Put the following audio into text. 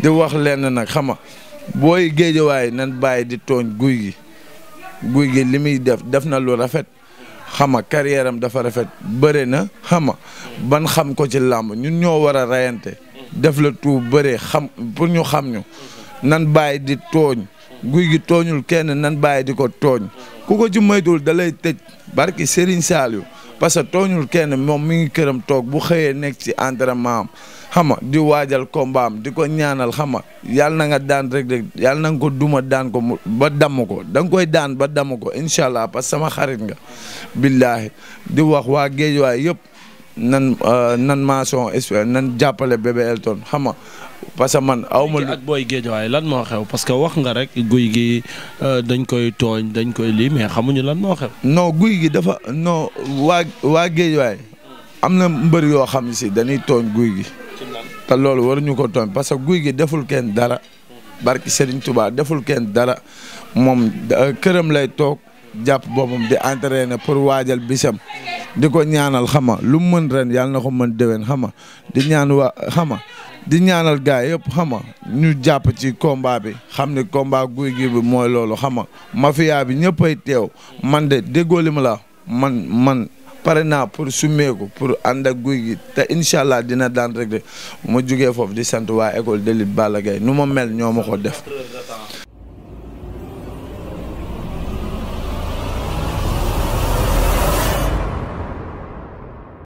di wax lenn nag xama booy géejawaay nan bàyyi di tooñ guy gi guy gi li muy def def na lu rafet xama carrière dafa rafet bëre na xama ban xam ko ci làmb ñun ñoo war a reyante def la tout bëre xam pour ñu xam ñu nan baay di tooñ guy gi tooñul kenn nan bàyyi di ko tooñ ku ko ci moytuwul da tëj barki Serigne Saliou parce que tooñul kenn moom mi ngi këram toog bu xëyee nekk ci entraînement am xam nga di waajal combat am di ko ñaanal xam nga yàlla na nga daan rek rek yàlla nanga nga ko duma daan ko ba damm ko da nga koy daan ba damm ko incha allah parce que sama xarit nga. billaahi di wax waa géej waay yëpp. nan euh, nan maçon euh, nan jàppale bébé Elton xam nga parce que man aw ma. ak booy géejawaay lan moo xew parce que wax nga rek guy gi euh, dañ koy tooñ dañ koy lii mais xamuñu lan moo xew. non guy gi dafa non waa waa waay am na mbër yoo xam si dañuy tooñ guy gi. te loolu ñu ko tooñ parce que guy gi deful kenn dara. barki Serigne Touba deful kenn dara moom këram lay toog jàpp boppam di entraîner pour waajal bisam. di ko ñaanal xama lu mu mën ren yàlla na ko mën déwén xama di ñaan wa xama di ñaanal gars yëpp xama ñu jàpp ci combat bi xam ne combat guy gi bi mooy loolu xama mafia bi ñëppay teew man de déggoo li ma la man man pare naa pour summeeku pour ànd ak guy gi te incha allah dina daan rek de ma jugee foofu di sant waa école de lutte Balla Gaye nu ma mel ñoo ma ko def